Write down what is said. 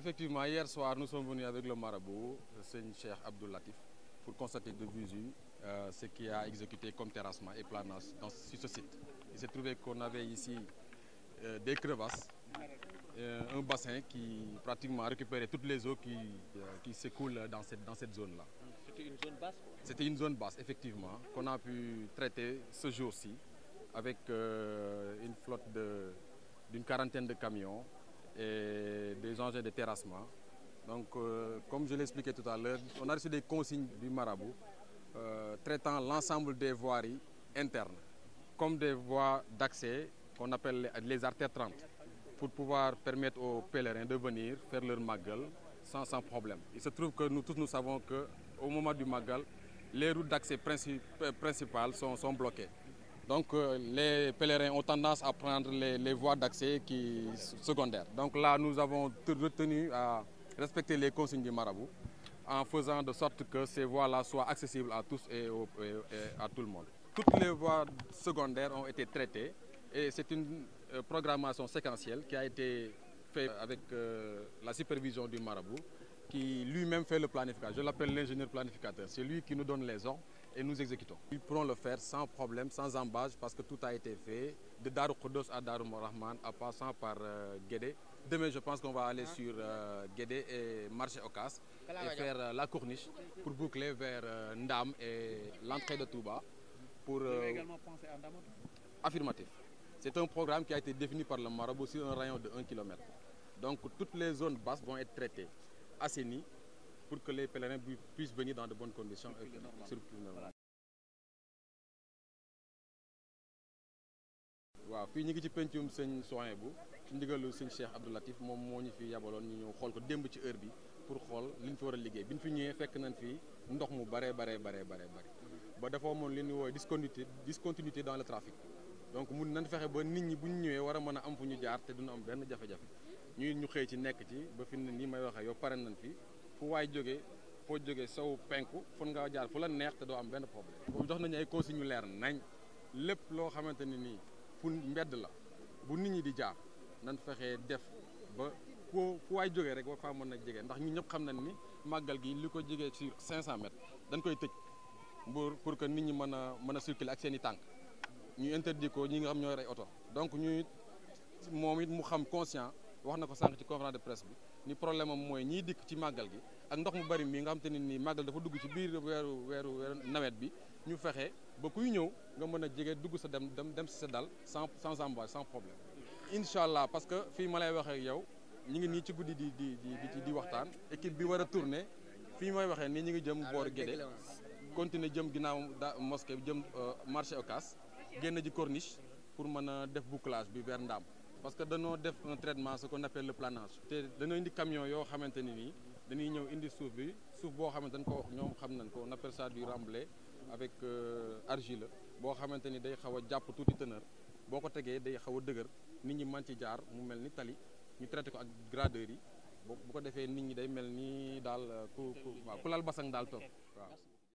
Effectivement, hier soir, nous sommes venus avec le marabout, le Cheikh Abdul Latif, pour constater de vue, euh, ce qui a exécuté comme terrassement et planage dans, sur ce site. Il s'est trouvé qu'on avait ici euh, des crevasses, euh, un bassin qui pratiquement récupérait toutes les eaux qui, s'écoulent dans cette, dans cette zone-là. C'était une zone basse C'était une zone basse, effectivement, qu'on a pu traiter ce jour-ci avec une flotte d'une quarantaine de camions et des engins de terrassement. Donc, euh, comme je l'expliquais tout à l'heure, on a reçu des consignes du marabout euh, traitant l'ensemble des voiries internes comme des voies d'accès qu'on appelle les artères 30 pour pouvoir permettre aux pèlerins de venir faire leur magal sans, problème. Il se trouve que nous tous nous savons qu'au moment du magal, les routes d'accès principales sont, sont bloquées. Donc euh, les pèlerins ont tendance à prendre les, voies d'accès qui secondaires. Donc là, nous avons retenu à respecter les consignes du marabout en faisant de sorte que ces voies-là soient accessibles à tous et, à tout le monde. Toutes les voies secondaires ont été traitées et c'est une euh, programmation séquentielle qui a été faite avec euh, la supervision du marabout qui lui-même fait le planificateur. Je l'appelle l'ingénieur planificateur. C'est lui qui nous donne les ordres et nous exécutons. Nous pourrons le faire sans problème, sans embâche, parce que tout a été fait, de Darou Koudos à Darou à en passant par euh, Guédé. Demain, je pense qu'on va aller sur euh, Guédé et marcher au casque et faire euh, la corniche pour boucler vers Ndam et l'entrée de Touba. Pour, également à Ndam Affirmatif. C'est un programme qui a été défini par le Marabout sur un rayon de 1 km. Donc toutes les zones basses vont être traitées, assainies pour que les pèlerins puissent venir dans de bonnes conditions et sur le plus normal waaw fii ñu ngi ci pencum sëñ soin bu ci ndigalu sëñ Cheikh Abdou Latif moom moo ñu fi yabaloon ñu ñëw xool ko démb ci heure bi pour xool liñ fi war a liggéey bi ñu fi ñëwee fekk nañ fi ndox mu bare bare bare bare bare ba dafa moom li ñuy woowee discontinuité discontinuité dans le trafic donc mun nañ fexe ba nit ñi bu ñu ñëwee war a mën a am fu ñu jaar te duñu am benn jafe-jafe ñuy ñu xëy ci nekk ci ba fi ne nii may waxee yow pare nañ fi fu waay jógee foo jógee sow penku fun nga jaar fu la neex te doo am benn problème boobu jox nañu ay consigne ñu leer nañ lépp loo xamante ni nii fu mbedd la bu nit ñi di jaar nañ fexee def ba ku fu waay jógee rek ba faa mën a jege ndax ñu ñëpp xam nañ ni màggal gi li ko jegee sur 500 mètres dañ koy tëj pour pour que nit ñi mën a mën a circuler ak seen i tànk ñu interdit ko ñi nga xam ñooy rey oto donc ñuy moom it mu xam conscient wax na ko sànq ci conférence de presse bi ni problème am mooy ñii dikk ci màggal gi ak ndox mu bari mi nga xam te ne nii màggal dafa dugg ci biir weeru weeru weeru nawet bi ñu fexe ba kuy ñëw nga mën a jege dugg sa dem dem dem si sa dal sans sans embâche sans problème. incha allah parce que fii ma lay waxee yow ñu ngi nii ci guddi di di di di waxtaan équipe bi war a tourner fii may waxee nii ñu ngi jëm boor Guédé continuer jëm ginnaaw da mosquée jëm euh, marché Ocass génn ji corniche pour mën a def bouclage bi vers Ndaam. parce que dañoo def un traitement ce qu'on appelle le planage te dañoo indi camion yoo xamante ni nii dañuy ñëw indi suuf bi suuf boo xamante dañ ko ñoom xam nañ ko on appelle ça du remblé avec euh, argile boo xamante ni day xaw a jàpp tuuti teneur boo ko tegee day xaw a dëgër nit ñi man ci jaar mu mel ni tali ñu traité ko ak gradeur yi bu ko defee nit ñi day mel ni daal euh, ku ku waaw ku lal basang daal toog waaw